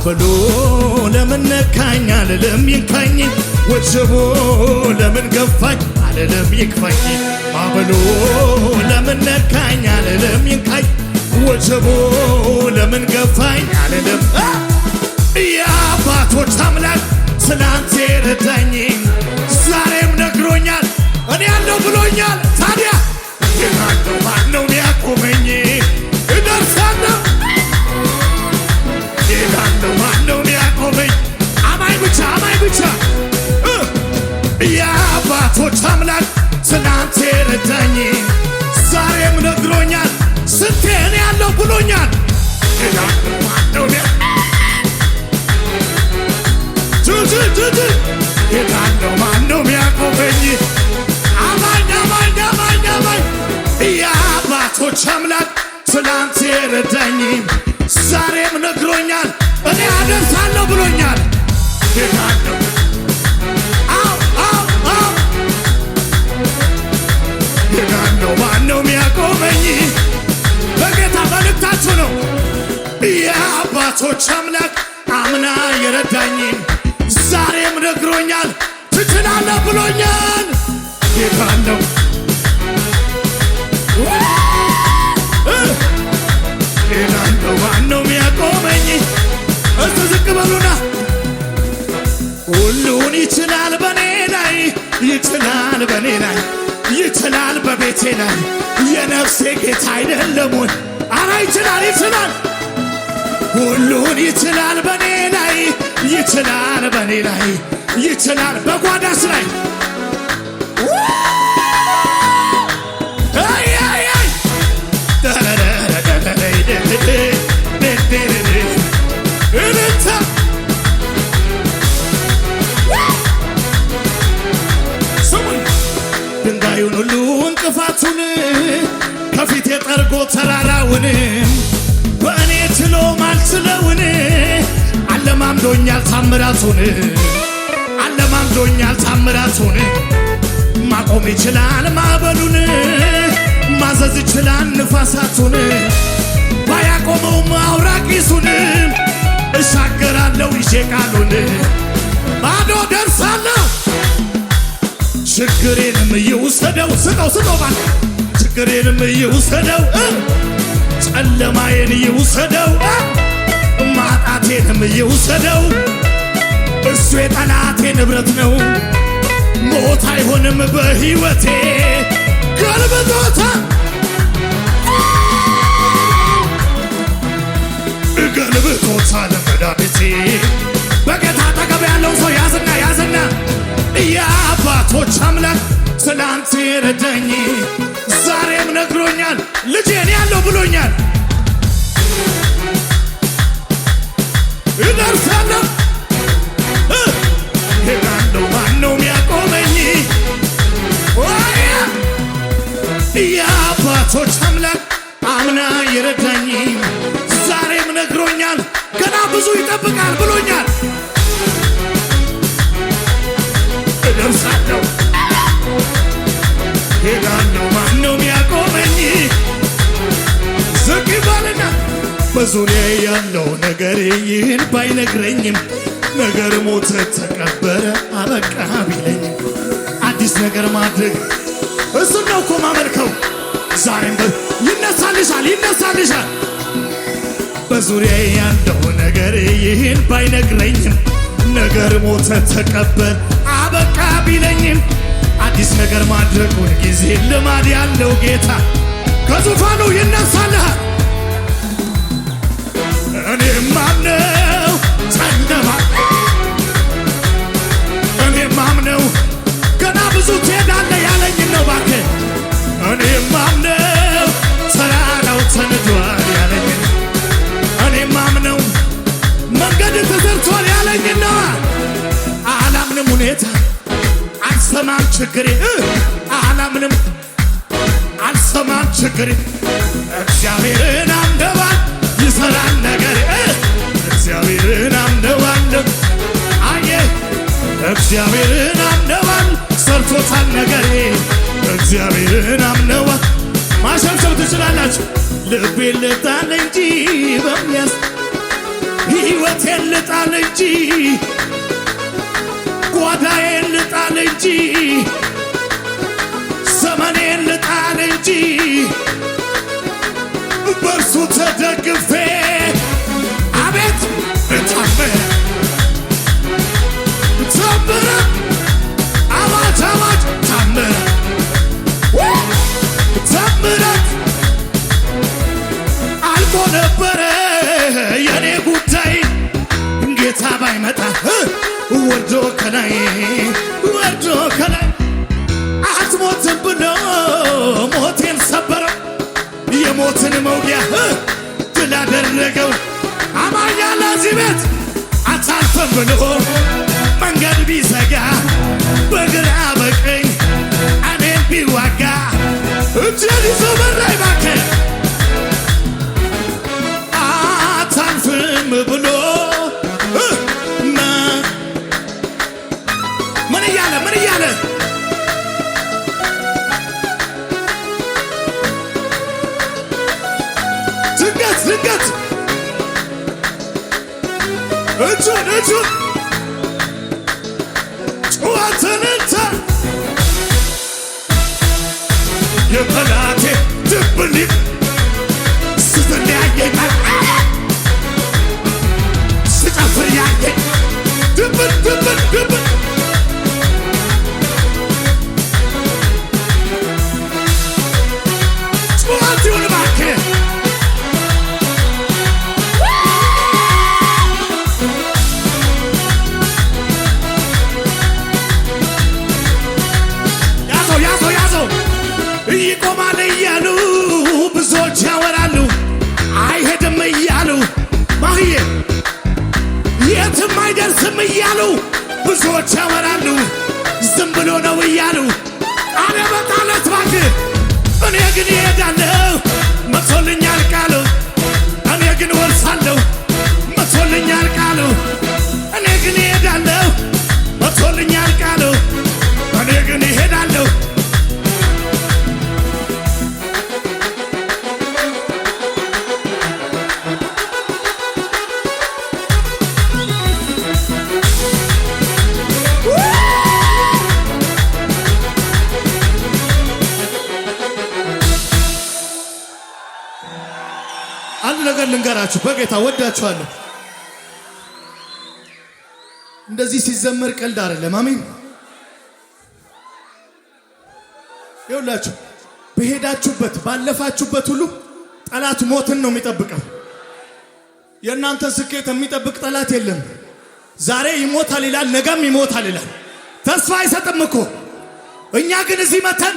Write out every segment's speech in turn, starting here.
አበሉ ለምን ነካኝ አልልም ይንካኝ፣ ወጀቡ ለምን ገፋኝ አልልም ይክፋኝ። አበሉ ለምን ነካኝ አልልም ይንካኝ፣ ወጀቡ ለምን ገፋኝ አልልም። የአባቶች አምላክ ዛሬም ነግሮኛል እኔ ያለው ብሎኛል። ታዲያ ነው ያቆመኝ ብቻ የአባቶች አምላክ የአባቶች አምላክ አምና የረዳኝ ዛሬም ነግሮኛል፣ ትችላለህ ብሎኛል። ጌታ ነው ጌታ ነው ዋናው የሚያቆመኝ። እስቲ ዝቅ በሉና ሁሉን ይችላል በኔ ላይ ይችላል በኔ ላይ ይችላል በቤቴ ላይ የነፍሴ ጌታ አይደለም ወይ? ይችላል ይችላል ሁሉን ይችላል በኔ ላይ ይችላል በኔ ላይ ይችላል በጓዳስ ላይ ታምራቱን አለማምዶኛል ታምራቱን ማቆም ይችላል ማዕበሉን ማዘዝ ይችላል ንፋሳቱን ባያቆመውም አውራቂሱን እሻገራለሁ ይዤ ቃሉን ባዶ ደርሳለሁ ችግሬንም እየውሰደው ስጠው ስጠው ማለት ችግሬንም እየውሰደው ጨለማዬን እየውሰደው ማጣቴንም እየውሰደው እሱ የጠላቴ ንብረት ነው። ሞት አይሆንም በሕይወቴ ገልብጦታ ገልብጦታ ለመዳኒቴ በጌታ አጠገብ ያለውን ሰው ያዝና ያዝና የአባቶች አምላክ ትላንት ረዳኝ ዛሬም ነግሮኛል ልጄን ያለው ብሎኛል ይደርሳለሁ ሄዳለሁ ማነው ሚያቆመኝ? የአባቶች አምላክ አምና የረዳኝ ዛሬም ነግሮኛል፣ ገና ብዙ ይጠብቃል ብሎኛል። እደርሳለሁ ሄዳለሁ ማነው የሚያቆመኝ ዝግ ይባልና በዙሪያ ያለው ነገር ይህን ባይነግረኝም ነገር ሞተ ተቀበረ አበቃ ቢለኝ አዲስ ነገር ማድረግ እሱ ነው እኮ ማመልከው ዛሬም ይነሳልሻል ይነሳልሻል በዙሪያ ያለው ነገር ይህን ባይነግረኝም ነገር ሞተ ተቀበር አበቃ ቢለኝም አዲስ ነገር ማድረግ ሁልጊዜ ልማድ ያለው ጌታ ከዙፋኑ ይነሳልሃል ብዙ ትሄዳለህ ያለኝ ነው እባክህ እኔ አምነው ተራራው ተንዷል ያለኝ እኔም አምነው መንገድ ተዘርቷል ያለኝ ነው አላምንም ሁኔታ አልሰማም ችግሬ አላምንም አልሰማም ችግሬ እግዚአብሔርን አምነዋል ይሰራል ነገር እግዚአብሔርን አምነዋል አየ እግዚአብሔርን አምነዋል ሰርቶታል ነገሬ እግዚአብሔርን አምነዋ ማሸብሸብ ትችላላችሁ። ልቤን ልጣል እንጂ በሚያስ ሕይወቴን ልጣል እንጂ ልጣል እንጂ ልጣል እንጂ በእርሱ ተደግፌ አቤት ተዋጅ ታምራት ታምራት አልቆ ነበረ የኔ ጉዳይ ጌታ ባይመጣ ወርዶ ከላይ ወርዶ ከላይ አትሞትም ብሎ ሞቴን ሰበረው የሞትን መውጊያ ድል አደረገው አማያ ለዚህ ቤት አታልፈም ብሎ ልጁ ጩኸትንንተ የጠላቴ ድብኒ ስትል ያየኝ ስጨፍር ድብን ድብን ድብን የትም አይደርስም እያሉ ብዙዎች ያወራሉ፣ ዝም ብሎ ነው እያሉ አለ በጣለት ባክ እኔ ግን ይሄዳለሁ መቶልኛል ቃሉ እኔ ግን ወርሳለሁ መቶልኛል ቃሉ እኔ ግን ይሄዳለሁ መቶልኛል ቃሉ እኔ ግን ይሄዳለሁ ልንገራችሁ፣ በጌታ ወዳችኋለሁ። እንደዚህ ሲዘመር ቀልድ አይደለም። አሜን ይውላችሁ በሄዳችሁበት ባለፋችሁበት ሁሉ ጠላት ሞትን ነው የሚጠብቀው። የእናንተ ስኬት የሚጠብቅ ጠላት የለም። ዛሬ ይሞታል ይላል፣ ነገም ይሞታል ይላል። ተስፋ አይሰጥም እኮ እኛ ግን እዚህ መተን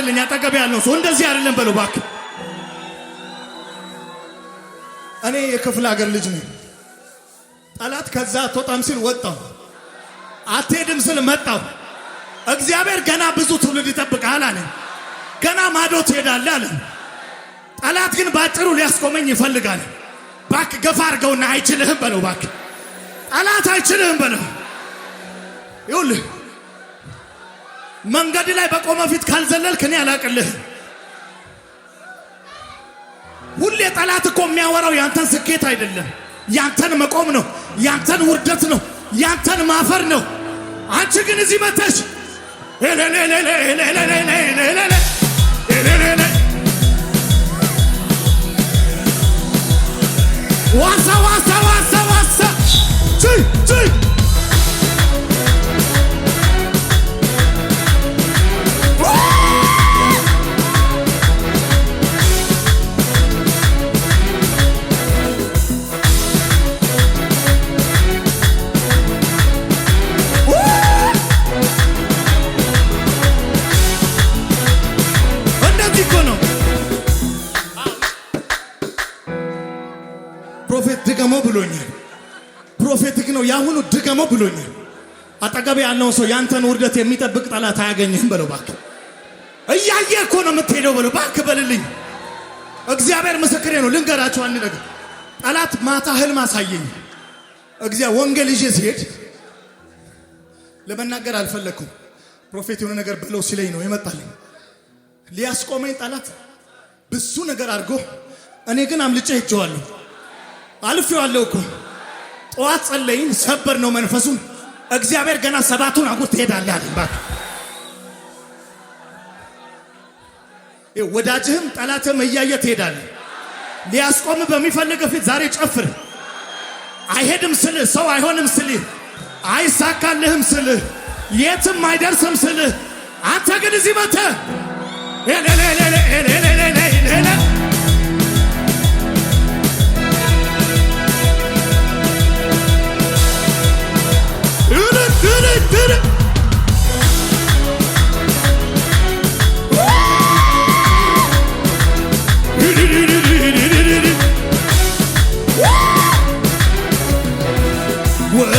ያዝልኝ። አጠገብ ያለው ሰው እንደዚህ አይደለም በለው እባክህ። እኔ የክፍለ ሀገር ልጅ ነኝ። ጠላት ከዛ አትወጣም ሲል ወጣሁ፣ አትሄድም ስል መጣሁ። እግዚአብሔር ገና ብዙ ትውልድ ይጠብቃል አለ። ገና ማዶ ትሄዳለህ አለ። ጠላት ግን ባጭሩ ሊያስቆመኝ ይፈልጋል። ባክ ገፋ አድርገውና አይችልህም በለው ባክ። ጠላት አይችልህም በለው ይውልህ መንገድ ላይ በቆመ ፊት ካልዘለልክ እኔ አላቅልህ። ሁሌ ጠላት እኮ የሚያወራው ያንተን ስኬት አይደለም፣ ያንተን መቆም ነው፣ ያንተን ውርደት ነው፣ ያንተን ማፈር ነው። አንቺ ግን እዚህ መተሽ ዋሳ ዋሳ ዋሳ ብሎኛል። ፕሮፌቲክ ነው የአሁኑ ድገመው ብሎኛል። አጠገብ ያለውን ሰው ያንተን ውርደት የሚጠብቅ ጠላት አያገኝህም በለው እባክህ። እያየ እኮ ነው የምትሄደው በለው እባክህ በልልኝ። እግዚአብሔር ምስክሬ ነው። ልንገራቸው አንድ ነገር ጠላት ማታ ህልም አሳየኝ። እግዚአብሔር ወንጌል ይዤ ሲሄድ ለመናገር አልፈለግኩም። ፕሮፌት የሆነ ነገር በለው ሲለኝ ነው ይመጣልኝ። ሊያስቆመኝ ጠላት ብሱ ነገር አድርጎ፣ እኔ ግን አምልጬ ሄጄዋለሁ። አልፌዋለሁ እኮ ጠዋት ጸለይን፣ ሰበር ነው መንፈሱን። እግዚአብሔር ገና ሰባቱን አጉር ትሄዳለህ አለኝ። እባክህ ወዳጅህም ጠላትህም እያየ ትሄዳለህ። ሊያስቆም በሚፈልግ ፊት ዛሬ ጨፍር። አይሄድም ስልህ፣ ሰው አይሆንም ስልህ፣ አይሳካልህም ስልህ፣ የትም አይደርስም ስልህ፣ አንተ ግን እዚህ መተህ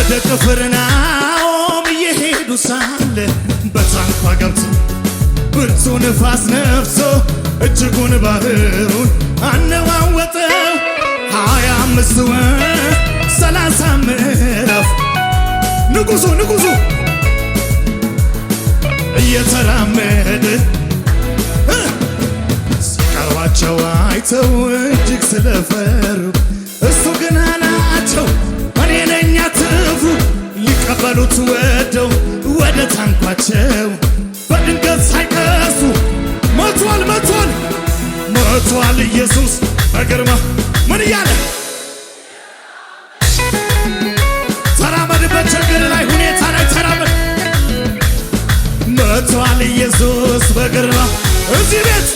ወደ ቅፍርናሆም እየሄዱ ሳለ በታንኳ ገብቶ ብርቱ ንፋስ ነፍሶ እጅጉን ባህሩን አነዋወጠው ሀያ አምስት ንጉሱ ንጉሱ እየተራመደ ሲቀርባቸው አይተው እጅግ ስለፈሩ እሱ ግን አላቸው እኔ ነኝ አትፍሩ። ሊቀበሉት ወደው ወደ ታንኳቸው በድንገት ሳይቀሱ ሞቷል መቷል ሞቷል ኢየሱስ በግርማ ምን እያለ ከዚህ ቤት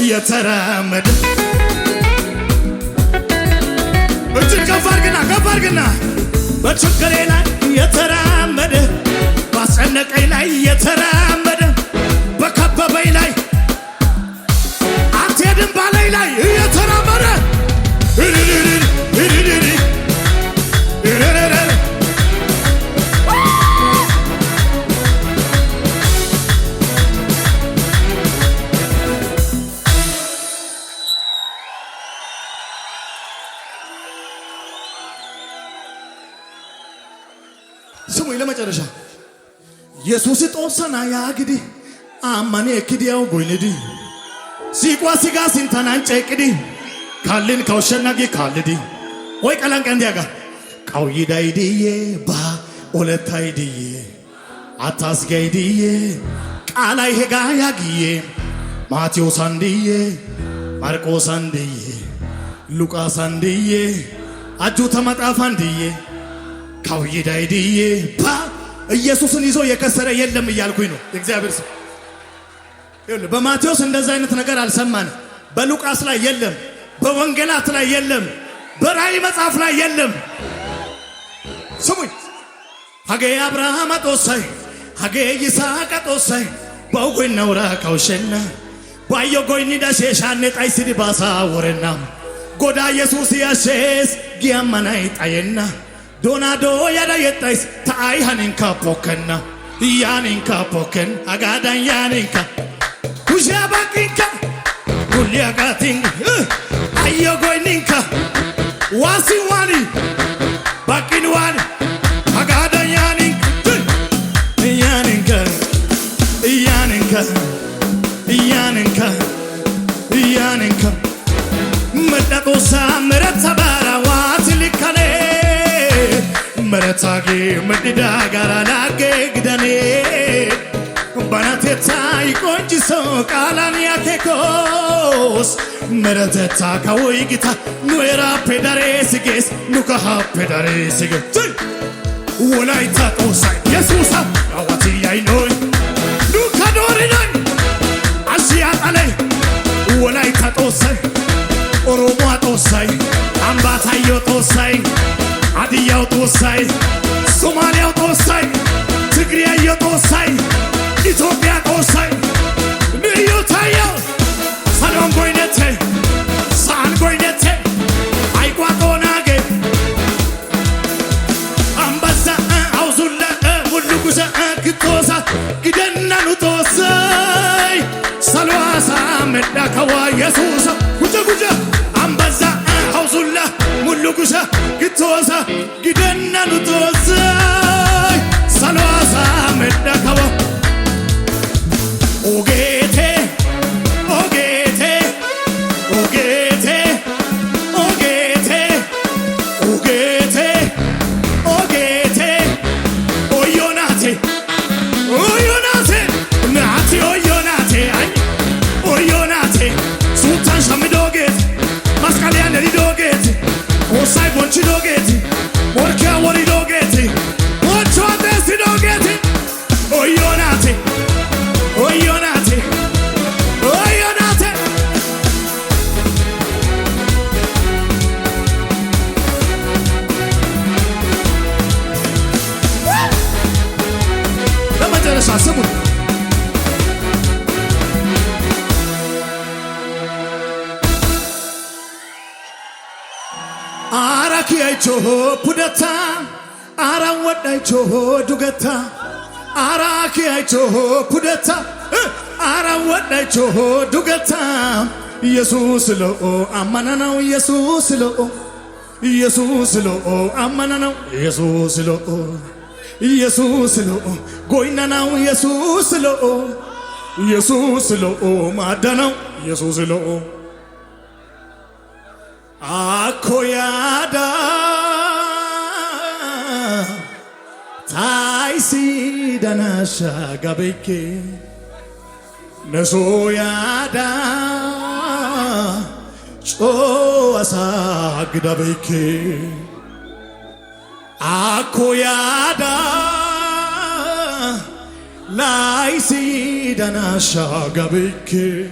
እየተራመደ እጅን ከፍ አድርግና ከፍ አድርግና ስትናያግዲ አማኔ ክዲያው ጎይንዲ ሲቋ ሲጋ ሲንተናንጨቅዲ ካልን ከውሸናጊ ካልዲ ወይ ቀላንቀንዲያጋ ቃውይዳይድዬ ባ ኦለታይድዬ አታስጋይድዬ ቃላይ ሄጋ ያግዬ ማቴዎስ አንድዬ ማርቆስ አንድዬ ሉቃስ አንድዬ አጁ ተመጣፍ አንድዬ ካውይዳይድዬ ባ ኢየሱስን ይዞ የከሰረ የለም እያልኩኝ ነው። እግዚአብሔር ስም በማቴዎስ እንደዛ አይነት ነገር አልሰማንም። በሉቃስ ላይ የለም፣ በወንጌላት ላይ የለም፣ በራእይ መጽሐፍ ላይ የለም። ስሙኝ ሀጌ አብርሃም አጦሳይ ሀጌ ይስሐቅ አጦሳይ በውጎኝ ነውራ ካውሸና ባዮ ጎይኒ ዳሼሻኔ ጣይሲዲ ባሳ ወረና ጎዳ ኢየሱስ ያሼስ ጊያማናይ ጣየና doonaa yettays ta'aayihan hin kaapokkanna iyyaan hin kaapokkan agaadaan yaan hin ka kushaa bakkinka gulli agaatinka ayyo goyninka waasin waani bakkin waani agaadaan yaan hin ka iyyaan hin ka iyyaan hin ka iyyaan hin ka iyyaan hin ka madhaqoosaa mirata baara መረታጌ መድዳ ጋራ ናጌ ግደኔ ባናቴታ ይቆንጅሶ ቃላን ያኬኮስ መረተታ ካወይ ጌታ ኑራ ፔዳሬ ስጌስ ኑካሃ ፔዳሬ ስጌ ወላይታ ጦሳ የሱሳ አዋትያይ ኖይ ኑካዶሪ ኖይ አስያጣለይ ወላይታ ጦሳ ኦሮሞ ያው ወሳኝ፣ ሶማሌ ያውጡ ወሳኝ፣ ትግሬ ኢትዮጵያ ያውጡ ወሳኝ። ንዩ ታየው ሰዶም ጎይነቴ ሳን ጎይነቴ አይቋጦናገ አንበሳ አውዙለ ሙሉ ጉሰ ክቶሳ ግደናኑ ተወሳይ ሰልዋሳ መዳከዋ የሱሰ lugusa gitoosa gidenna nutoosay saluwaasaa medha kabo ድርሻ ስሙ አራኪያይቾሆ ፑደታ አራን ወዳይቾሆ ዱገታ አራኪያይቾሆ ፑደታ አራን ወዳይቾሆ ዱገታ ኢየሱስ ለኦ አማናናው ኢየሱስ ለኦ ኢየሱስ ለኦ ነው ኢየሱስ ለኦ ኢየሱስሎ ጎይነናው ኢየሱስሎ ኢየሱስሎ ማዳናው ኢየሱስሎ አኮያዳ ታይሲዳናሻ ጋቤኬ ነሶያዳ ጮ አሳግዳቤኬ Akoyada Laisidana shagabike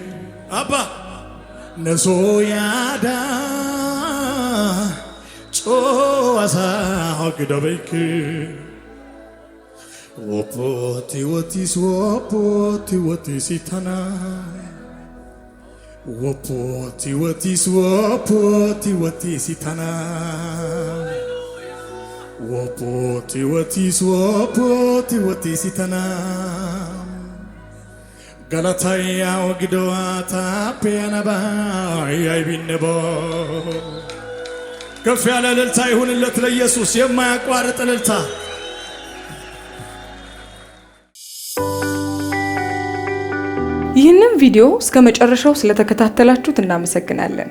Abba Nasoyada asa hagdabike Wapoti watis wapoti watis itanai Wapoti watis wapoti watis itanai Wapoti watis wapoti watis itanam galatayaw gidowata ፔነባ ያይቢንቦ ከፍ ያለ እልልታ ይሁንለት ለኢየሱስ የማያቋርጥ እልልታ ይህንም ቪዲዮ እስከ መጨረሻው ስለተከታተላችሁት እናመሰግናለን።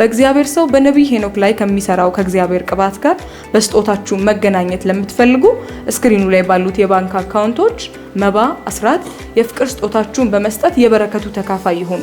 በእግዚአብሔር ሰው በነቢይ ሄኖክ ላይ ከሚሰራው ከእግዚአብሔር ቅባት ጋር በስጦታችሁ መገናኘት ለምትፈልጉ እስክሪኑ ላይ ባሉት የባንክ አካውንቶች መባ፣ አስራት፣ የፍቅር ስጦታችሁን በመስጠት የበረከቱ ተካፋይ ይሆኑ።